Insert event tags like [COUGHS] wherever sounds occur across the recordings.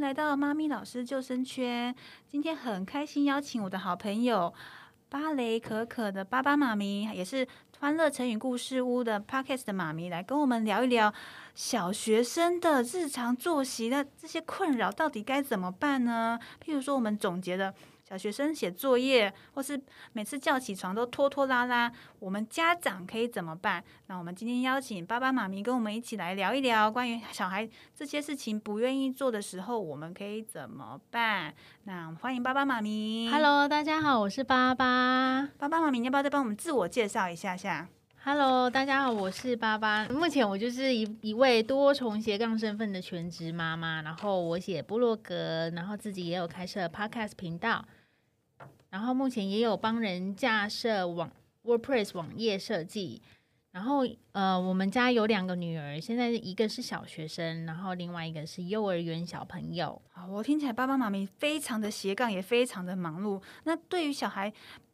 來到了媽咪老師救生圈，今天很開心邀請我的好朋友芭蕾可可的芭芭媽咪，也是歡樂成語故事屋的 Podcast 的媽咪，來跟我們聊一聊小學生的日常作息，那這些困擾到底該怎麼辦呢？譬如說，我們總結的。小學生寫作業，或是每次叫起床都拖拖拉拉，我們家長可以怎麼辦？那我們今天邀請芭芭媽咪跟我們一起來聊一聊，關於小孩這些事情不願意做的時候，我們可以怎麼辦？那我們歡迎芭芭媽咪。Hello，大家好，我是芭芭。芭芭媽咪要不要再幫我們自我介紹一下下？Hello，大家好，我是芭芭。目前我就是一一位多重斜槓身份的全職媽媽，然後我寫部落格，然後自己也有開設 Podcast 頻道。然後目前也有幫人架設網 WordPress 網頁設計，然後呃，我們家有兩個女兒，現在一個是小學生，然後另外一個是幼兒園小朋友。好，我聽起來爸爸媽媽非常的斜槓，也非常的忙碌。那對於小孩，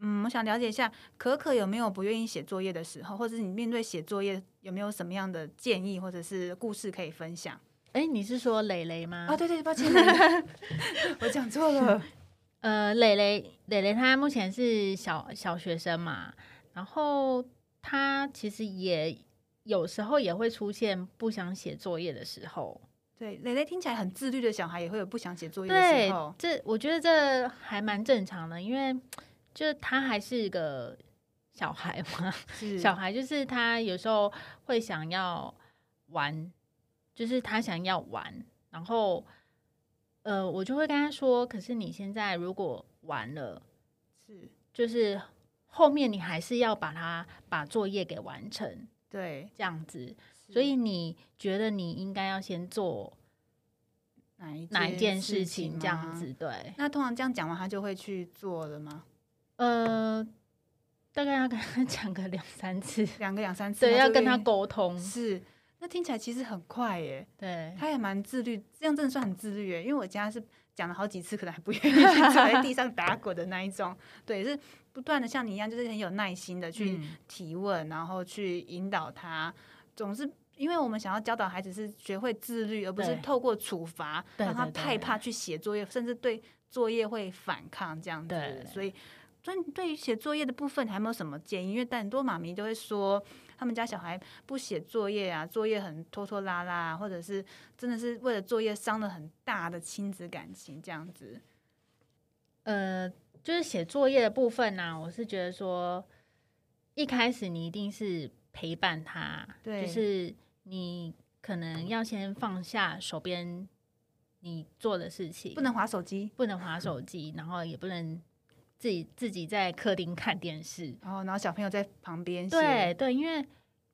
嗯，我想了解一下，可可有沒有不願意寫作業的時候，或者你面對寫作業有沒有什麼樣的建議，或者是故事可以分享？哎、欸，你是說蕾蕾嗎？啊，對對，抱歉， [LAUGHS] [LAUGHS] 我講錯了。 [LAUGHS] 呃，蕾蕾，蕾蕾他目前是小小學生嘛，然後他其實也有時候也會出現不想寫作業的時候。對，蕾蕾聽起來很自律的小孩，也會有不想寫作業的時候。對，這我覺得這還蠻正常的，因為就是他還是個小孩嘛，是小孩就是他有時候會想要玩，就是他想要玩，然後。呃，我就會跟他說，可是你現在如果玩了，是就是後面你還是要把它把作業給完成，對，這樣子。是，所以你覺得你應該要先做哪一哪一件事情？這樣子對。那通常這樣講完，他就會去做了嗎？呃，大概要跟他講個兩三次，兩個兩三次，對，要跟他溝通是。那聽起來其實很快耶，對，他也蠻自律，這樣真的算很自律耶。因為我家是講了好幾次，可能還不願意去在地上打滾的那一種， [LAUGHS] 對，是不斷的像你一樣，就是很有耐心的去提問，嗯、然後去引導他。總是因為我們想要教導孩子是學會自律，對而不是透過處罰讓他害怕去寫作業，對對對甚至對作業會反抗這樣子。對所以，所以對於寫作業的部分，你還沒有什麼建議？因為很多媽咪都會說。他們家小孩不寫作業啊，作業很拖拖拉拉，或者是真的是為了作業傷了很大的親子感情這樣子。呃，就是寫作業的部分呢、啊，我是覺得說，一開始你一定是陪伴他，對就是你可能要先放下手邊你做的事情，不能滑手機，不能滑手機，然後也不能。自己自己在客廳看電視，然後、哦、然後小朋友在旁邊寫。對對，因為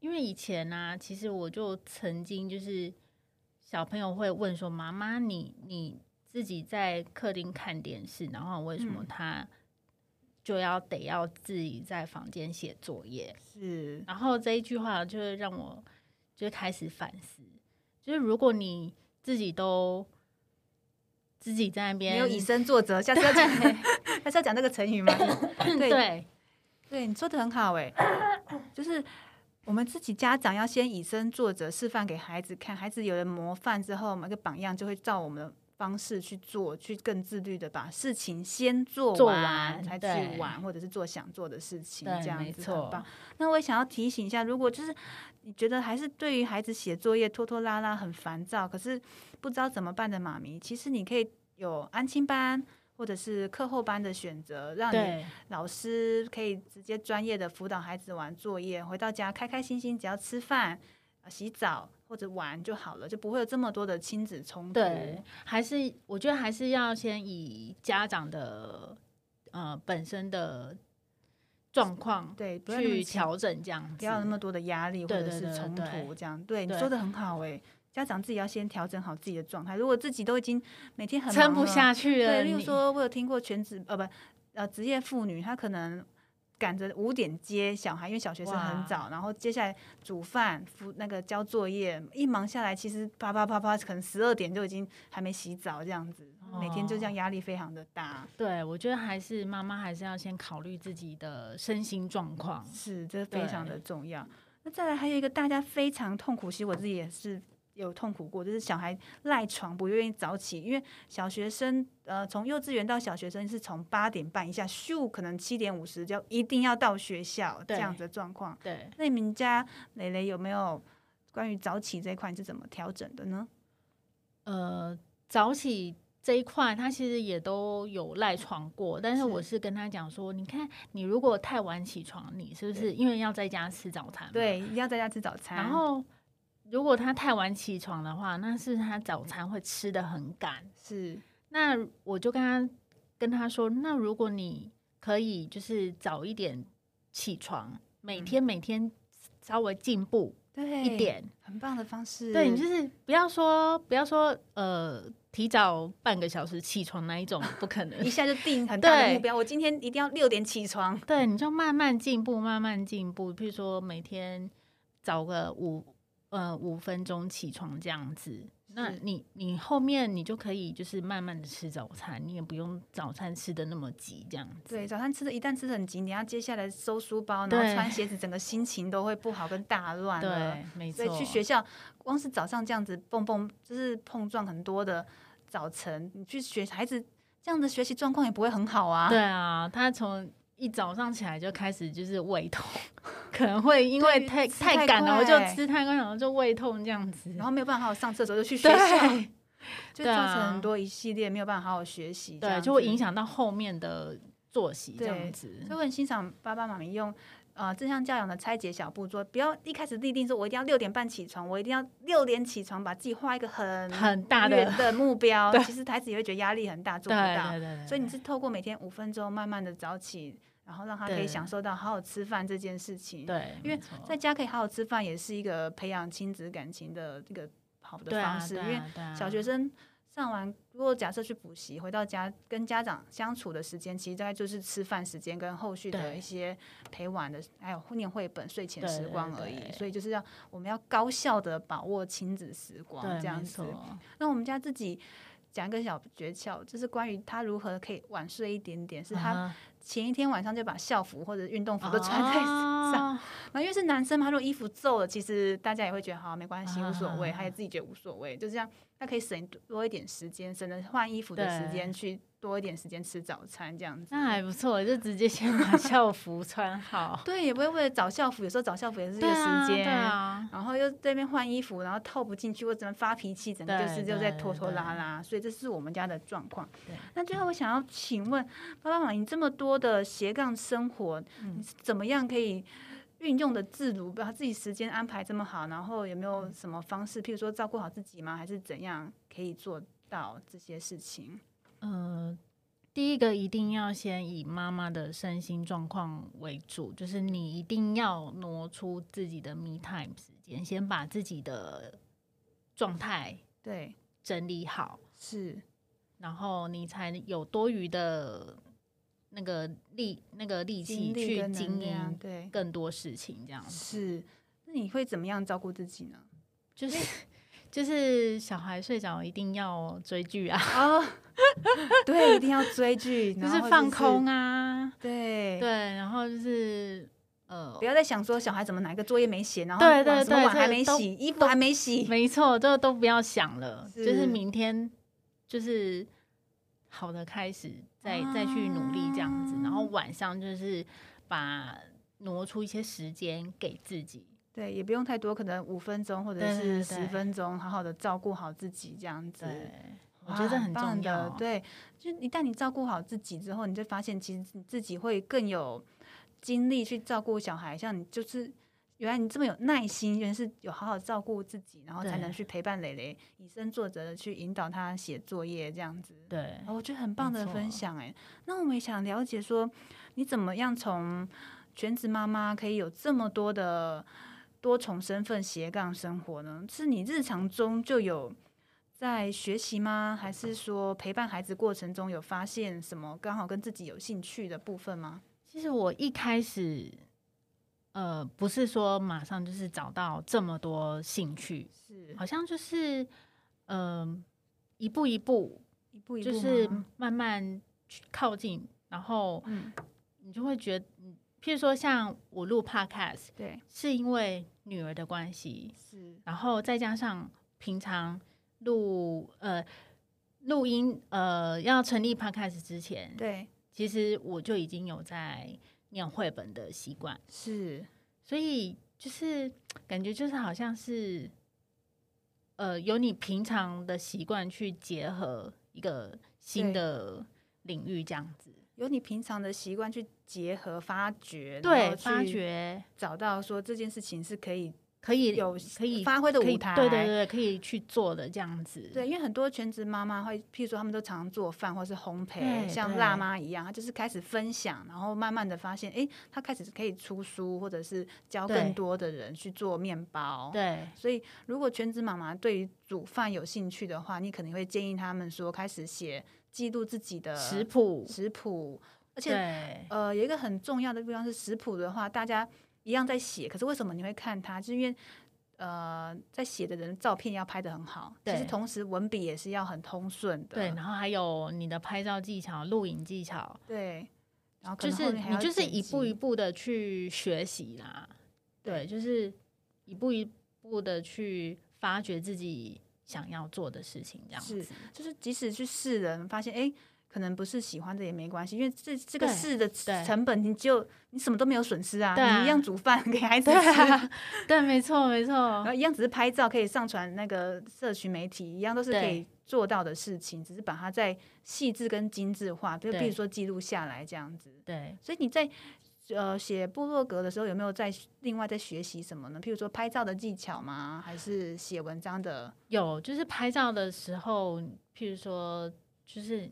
因為以前呢、啊，其實我就曾經就是小朋友會問說：“媽媽、嗯，你你自己在客廳看電視，然後為什麼他就要、嗯、得要自己在房間寫作業？”是。然後這一句話就會讓我就開始反思，就是如果你自己都自己在那邊沒有以身作則，你下次要。對 [LAUGHS] 還是要講這個成語嗎？ [COUGHS] 對對，對，你說的很好哎、欸， [COUGHS] 就是我們自己家長要先以身作則，示範給孩子看。孩子有了模範之後，每個榜樣就會照我們的方式去做，去更自律的把事情先做完，做完才去玩，對或者是做想做的事情。對這樣子很棒。那我也想要提醒一下，如果就是你覺得還是對於孩子寫作業拖拖拉拉很煩躁，可是不知道怎麼辦的媽咪，其實你可以有安親班，或者是課後班的選擇，讓你老師可以直接專業的輔導孩子完作業，對回到家開開心心，只要吃飯、呃、洗澡或者玩就好了，就不會有這麼多的親子衝突。對，還是我覺得還是要先以家長的呃本身的狀況對去調整這樣對對對對，不要那麼多的壓力或者是衝突這樣。對，你說的很好誒、欸。家長自己要先調整好自己的狀態。如果自己都已經每天很撐不下去了，對，例如說，我有聽過全職呃不呃職業婦女，她可能趕着五點接小孩，因為小學生很早，哇然後接下來煮飯、服那個交作業，一忙下來，其實啪啪啪啪，可能十二點就已經還沒洗澡，這樣子，每天就這樣，壓力非常的大。哦。對，我覺得還是媽媽還是要先考慮自己的身心狀況，是，這非常的重要。對那再來還有一個大家非常痛苦，其實我自己也是。有痛苦過，就是小孩賴床不願意早起，因為小學生呃，從幼稚園到小學生是從八點半一下，咻，可能七點五十就一定要到學校對這樣子的狀況。對，那你們家蕾蕾有沒有關於早起這一塊，是怎麼調整的呢？呃，早起這一塊，他其實也都有賴床過，但是我是跟他講說，是你看你如果太晚起床，你是不是因為要在家吃早餐？對，一定要在家吃早餐，嗯、然後。如果他太晚起床的話，那是他早餐會吃得很趕。是，那我就跟他跟他說，那如果你可以，就是早一點起床，每天每天稍微進步一點。對，很棒的方式。對，你就是不要說不要說呃，提早半個小時起床那一種，不可能 [LAUGHS] 一下就定很大的目標。對我今天一定要六點起床。對，你就慢慢進步，慢慢進步。比如說每天早個五。呃、嗯，五分鐘起床這樣子，是那你你後面你就可以就是慢慢的吃早餐，你也不用早餐吃的那麼急這樣子。對，早餐吃的，一旦吃的很急，你要接下來收書包，然後穿鞋子，對整個心情都會不好跟大亂。對，沒錯。所以去學校，光是早上這樣子蹦蹦，就是碰撞很多的早晨，你去學孩子這樣子學習狀況也不會很好啊。對啊，他從一早上起來就開始就是胃痛。 [LAUGHS] 可能會因為太太趕了，我就吃太快，然後就胃痛這樣子，然後沒有辦法好好上廁所，就去學校，對就造成很多一系列對沒有辦法好好學習，對，就會影響到後面的作息這樣子。所以我很欣賞爸爸媽媽用呃正向教養的拆解小步驟，說不要一開始立定說我一定要六點半起床，我一定要六點起床，把自己畫一個很很大的，的目標，對其實孩子也會覺得壓力很大，做不到。所以你是透過每天五分鐘，慢慢的早起。然後讓他可以享受到好好吃飯這件事情，對，因為在家可以好好吃飯，也是一個培養親子感情的一個好的方式。對啊，因為小學生上完，如果假設去補習，回到家跟家長相處的時間，其實大概就是吃飯時間跟後續的一些陪玩的，對還有念繪本、睡前時光而已。對對對，所以就是要我們要高效的把握親子時光，對這樣子。錯那我們家自己講一個小訣竅，就是關於他如何可以晚睡一點點，是他、嗯。前一天晚上就把校服或者運動服都穿在身上、啊， [LAUGHS] 然後因為是男生嘛，他如果衣服皺了，其實大家也會覺得好沒關係，無所謂，啊、他也自己覺得無所謂，就是、這樣。那可以省多一點時間，省得換衣服的時間，對去多一點時間吃早餐這樣子。那、啊、還不錯，就直接先把校服穿好。 [LAUGHS] 對，也不會為了找校服，有時候找校服也是一個時間、啊。對啊。然後又在那邊換衣服，然後套不進去，或者發脾氣，整個就是就在拖拖拉拉。對對對對，所以這是我們家的狀況。對。那最後我想要請問芭芭媽咪，你這麼多的斜槓生活，你是怎麼樣可以？運用的自如，把自己時間安排這麼好，然後有沒有什麼方式，譬如說照顧好自己嗎？還是怎樣可以做到這些事情？呃，第一個一定要先以媽媽的身心狀況為主，就是你一定要挪出自己的 me time 時間，先把自己的狀態對整理好，是，然後你才有多餘的。那個力、那個力氣去經營更多事情這樣子。是，那你會怎麼樣照顧自己呢？就是就是小孩睡着，一定要追劇啊。啊、oh, [LAUGHS] 對，一定要追劇、就是、就是放空啊。對對，然後就是呃不要再想說小孩怎麼哪一個作業沒寫，然後什麼什麼碗還沒洗，衣服還沒洗。沒錯，就、這個、都不要想了。是，就是明天就是。好的，開始再再去努力這樣子，嗯、然後晚上就是把挪出一些時間給自己，對，也不用太多，可能五分鐘或者是十分鐘，好好的照顧好自己這樣子，我覺得很重要棒的。對，就一旦你照顧好自己之後，你就發現其實你自己會更有精力去照顧小孩，像你就是。原來你這麼有耐心，原來是有好好照顧自己，然後才能去陪伴蕾蕾，對以身作則的去引導他寫作業這樣子。對，我覺得很棒的分享哎。沒錯那我們也想了解說，你怎麼樣從全職媽媽可以有這麼多的多重身份斜槓生活呢？是你日常中就有在學習嗎？還是說陪伴孩子過程中有發現什麼剛好跟自己有興趣的部分嗎？其實我一開始。呃，不是說馬上就是找到這麼多興趣，是好像就是，呃，一步一步，一步一步就是慢慢去靠近，嗯、然後，你就會覺得，譬如說像我錄 podcast，對，是因為女兒的關係，是，然後再加上平常錄呃錄音，呃，要成立 podcast 之前，對，其實我就已經有在。念繪本的習慣是，所以就是感覺就是好像是，呃，有你平常的習慣去結合一個新的領域這樣子，有你平常的習慣去結合發掘，對，發掘找到說這件事情是可以。可以有可以有發揮的舞台可以，對對對，可以去做的這樣子。對，因為很多全職媽媽會，譬如說，他們都常常做飯或者是烘焙，對像辣媽一樣，對她就是開始分享，然後慢慢的發現，哎、欸，她開始可以出書，或者是教更多的人去做麵包。對，所以如果全職媽媽對於煮飯有興趣的話，你可能會建議他們說，開始寫記錄自己的食譜，食譜譜。而且，對呃，有一個很重要的地方是食譜的話，大家。一樣在寫，可是為什麼你會看他？就是因為，呃，在寫的人照片要拍得很好，對，其實同時文筆也是要很通順的。對，然後還有你的拍照技巧、錄影技巧。對，然後，可能後就是你就是一步一步的去學習啦。對，對，就是一步一步的去發掘自己想要做的事情，這樣子。就是即使去試人，發現哎。欸可能不是喜歡的也沒關係，因為這這個事的成本，你就，對你，就你什麼都沒有損失啊，對啊你一樣煮飯給孩子吃，對，啊、對，沒錯沒錯，然後一樣只是拍照可以上傳那個社群媒體，一樣都是可以做到的事情，對只是把它再細緻跟精致化，就比，對比如說記錄下來這樣子。對，所以你在呃寫部落格的時候，有沒有在另外在學習什麼呢？譬如說拍照的技巧嗎？還是寫文章的？有，就是拍照的時候，譬如說就是。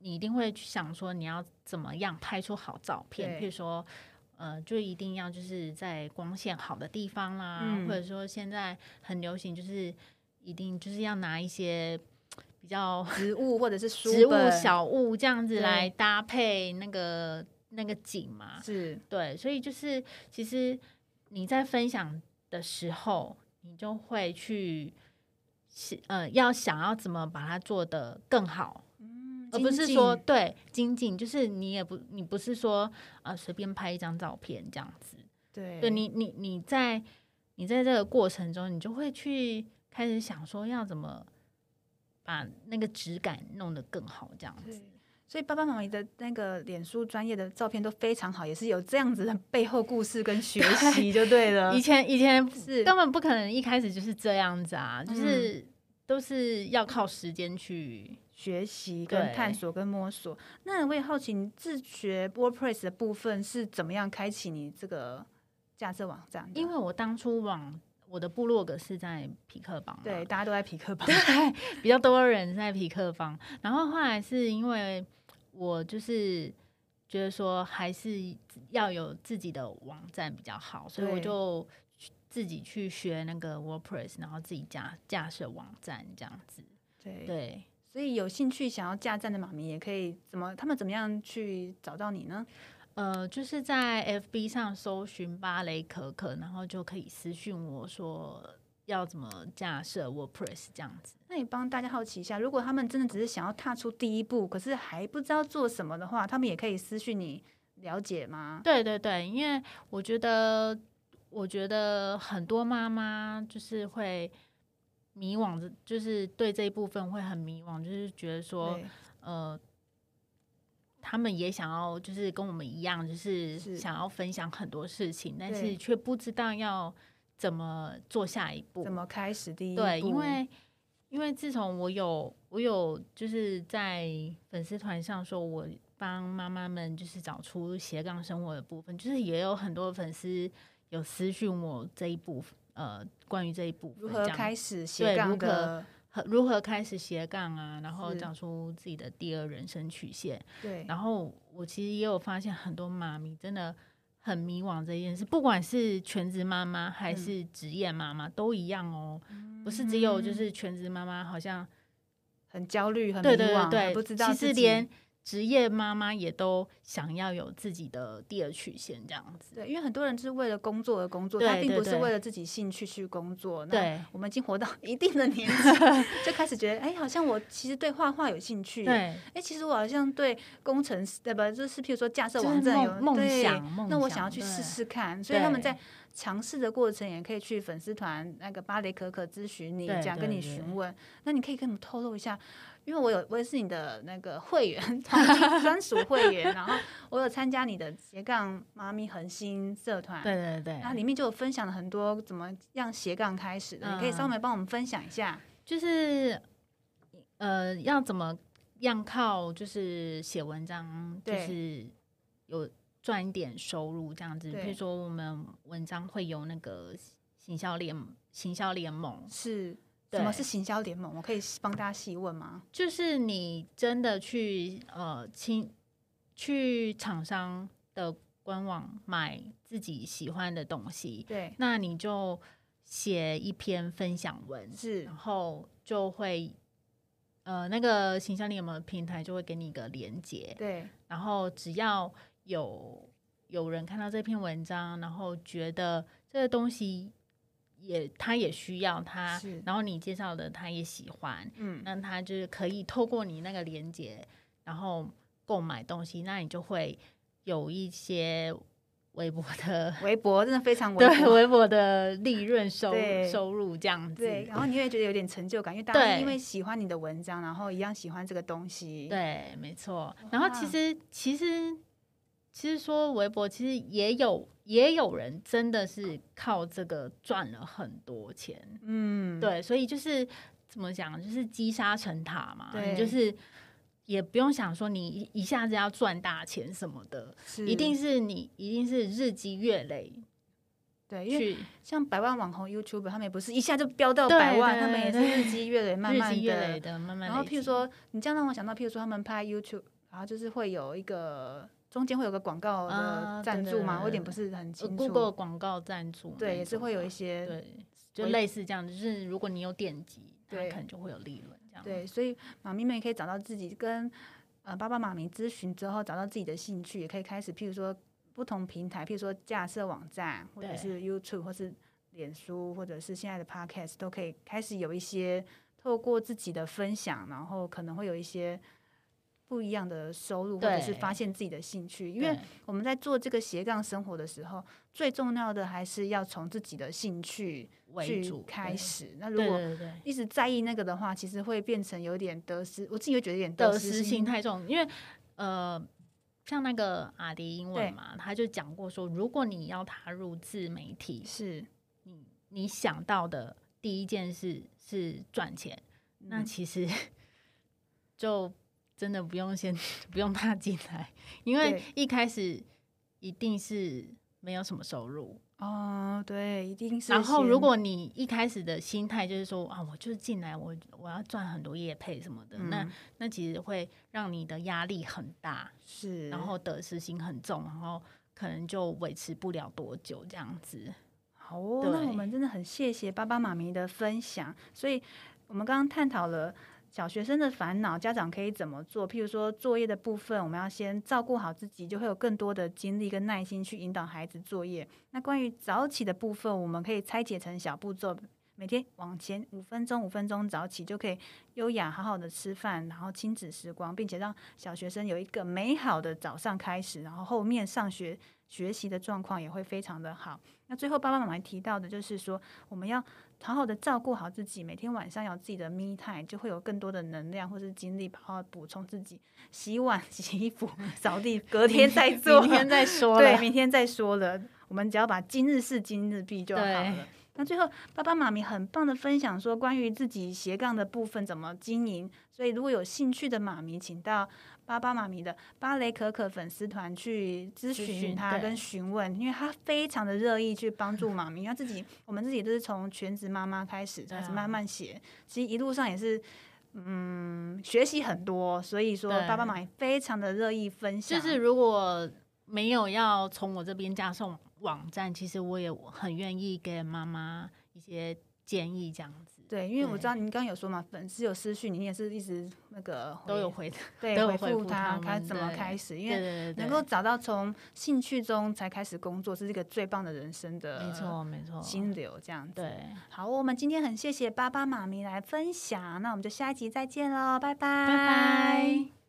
你一定會去想說你要怎麼樣拍出好照片，比對如說，呃，就一定要就是在光線好的地方啦，嗯、或者說現在很流行，就是一定就是要拿一些比較植物或者是書植物小物這樣子來搭配那個對那個景嘛，是對，所以就是其實你在分享的時候，你就會去想，呃，要想要怎麼把它做得更好。而不是說對，精進，就是你也不，你不是說啊呃、隨便拍一張照片這樣子，對，對，你你你在你在這個過程中，你就會去開始想說要怎麼把那個質感弄得更好這樣子。對，所以爸爸媽媽，你的那個臉書專業的照片都非常好，也是有這樣子的背後故事跟學習就對了。對 [LAUGHS] 以前以前是，是根本不可能一開始就是這樣子啊，嗯、就是都是要靠時間去。學習跟探索跟摸索，對那我也好奇，你自學 WordPress 的部分是怎麼樣開啟你這個架設網站？因為我當初網我的部落格是在痞客邦，對，大家都在痞客邦，對，比較多人是在痞客邦。 [LAUGHS] 然後後來是因為我就是覺得說還是要有自己的網站比較好，對所以我就自己去學那個 WordPress，然後自己架架設網站這樣子，對。對所以有興趣想要架站的媽咪也可以怎麼他們怎麼樣去找到你呢？呃，就是在 FB 上搜尋芭蕾可可，然後就可以私訊我說要怎麼架設 WordPress 這樣子。那你幫大家好奇一下，如果他們真的只是想要踏出第一步，可是還不知道做什麼的話，他們也可以私訊你了解嗎？對對對，因為我覺得我覺得很多媽媽就是會。迷惘的，就是對這一部分會很迷惘，就是覺得說，對，呃，他們也想要，就是跟我們一樣，就是想要分享很多事情，是，但是卻不知道要怎麼做下一步，怎麼開始第一步？對，因為因為自從我有我有就是在粉絲團上說我幫媽媽們就是找出斜槓生活的部分，就是也有很多粉絲有私訊我這一部分。呃，關於這一部分，如如，如何開始斜槓，如何如何開始斜槓啊？然後走出自己的第二人生曲線。對，然後我其實也有發現，很多媽咪真的很迷惘這件事，不管是全職媽媽還是職業媽媽、嗯、都一樣哦。不是只有就是全職媽媽，好像嗯嗯嗯很焦慮、很迷惘、對對對對不知道。其實連。職業媽媽也都想要有自己的第二曲線，這樣子。對，因為很多人就是為了工作而工作，對對對他並不是為了自己興趣去工作。對，對，對，那我們已經活到一定的年紀，對對對就開始覺得，哎、欸，好像我其實對畫畫有興趣。對，哎、欸，其實我好像對工程師，對吧？就是譬如說架設網站有夢想，對想那我想要去試試看。對所以他們在嘗試的過程，也可以去粉絲團那個芭蕾可可諮詢你，對對對對這樣跟你詢問。那你可以跟我們透露一下。因為我有，我也是你的那個會員，專屬會員。 [LAUGHS] 然後我有參加你的斜槓媽咪恆星社團。對對對。然後裡面就有分享了很多怎麼樣斜槓開始的，嗯、你可以稍微幫我們分享一下。就是，呃，要怎麼樣靠就是寫文章，對就是有賺一點收入這樣子。對比如說我們文章會有那個行銷聯，行銷聯盟，是。對什麼是行銷聯盟？我可以幫大家細問嗎？就是你真的去呃，去廠商的官網買自己喜歡的東西，對，那你就寫一篇分享文，是然後就會呃，那個行銷聯盟的平台就會給你一個連結，對，然後只要有有人看到這篇文章，然後覺得這個東西，也，他也需要他，是然後你介紹的他也喜歡，嗯，那他就是可以透過你那個鏈接，然後購買東西，那你就會有一些微薄的微薄，真的非常微薄，對，微薄的利潤收對收入這樣子，對，然後你會覺得有點成就感，因為大家對因為喜歡你的文章，然後一樣喜歡這個東西，對，沒錯。然後其實、哦啊、其實其實說微博其實也有。也有人真的是靠這個賺了很多錢，嗯，對，所以就是怎麼講，就是積沙成塔嘛，對你就是也不用想說你一下子要賺大錢什麼的，是一定是你一定是日積月累，對，因為像百萬網紅 YouTube，他們也不是一下就飆到百萬，對對對他們也是日積月累，慢慢的，慢慢的，慢慢。然後，譬如說，你這樣讓我想到，譬如說，他們拍 YouTube，然後就是會有一個。中間會有個廣告的贊助嗎？嗯、對對對我有點不是很清楚。Google 廣告贊助，對，也是會有一些，對，就類似這樣。我就是如果你有點擊，對，可能就會有利潤這樣。對，所以媽咪們也可以找到自己跟呃，爸爸媽咪諮詢之後，找到自己的興趣，也可以開始，譬如說不同平台，譬如說架設網站，或者是 YouTube，或者是臉書，或者是現在的 Podcast，都可以開始有一些透過自己的分享，然後可能會有一些。不一樣的收入，或者是發現自己的興趣，對因為我們在做這個斜槓生活的時候，對最重要的還是要從自己的興趣為主開始。那如果一直在意那個的話，對對對其實會變成有點得失。我自己會覺得有點得失，得失心太重，因為呃，像那個阿滴英文嘛，對他就講過說，如果你要踏入自媒體，是你你想到的第一件事是賺錢，嗯、那其實就。真的不用先不用怕進來，因為一開始一定是沒有什麼收入哦，對，一定是。然後如果你一開始的心態就是說啊，我就是進來，我我要賺很多業配什麼的，嗯、那那其實會讓你的壓力很大，是，然後得失心很重，然後可能就維持不了多久這樣子。好、哦，對那我們真的很謝謝芭芭媽咪的分享。所以我們剛剛探討了。小學生的煩惱，家長可以怎麼做？譬如說作業的部分，我們要先照顧好自己，就會有更多的精力跟耐心去引導孩子作業。那關於早起的部分，我們可以拆解成小步驟，每天往前五分鐘、五分鐘早起，就可以優雅好好的吃飯，然後親子時光，並且讓小學生有一個美好的早上開始，然後後面上學學習的狀況也會非常的好。那最後爸爸媽媽還提到的就是說，我們要。好好的照顧好自己，每天晚上有自己的 me time，就會有更多的能量或是精力，好好補充自己。洗碗、洗衣服、掃地，隔天再做， [LAUGHS] 明天再說。對，明天再說了。 [LAUGHS] 我們只要把今日事今日畢就好了。對那最後，芭芭媽咪很棒的分享說，關於自己斜槓的部分怎麼經營。所以，如果有興趣的媽咪，請到。爸爸媽媽咪的芭蕾可可粉絲團去諮詢他跟詢問，對因為他非常的樂意去幫助媽咪。他自己，我們自己都是從全職媽媽開始，開始慢慢寫。啊、其實一路上也是，嗯，學習很多。所以說，芭芭媽咪也非常的樂意分享。就是如果沒有要從我這邊加送網站，其實我也很願意給媽媽一些建議，這樣子。對，因為我知道您剛剛有說嘛，對粉絲有私訊你也是一直那個回都有回，對，回復他，復他，他怎麼開始？對因為能夠找到從興趣中才開始工作，是這個最棒的人生的，沒錯沒錯，心流這樣子對。對，對對對好，我們今天很謝謝芭芭媽咪來分享，那我們就下一集再見嘍，拜拜。拜拜。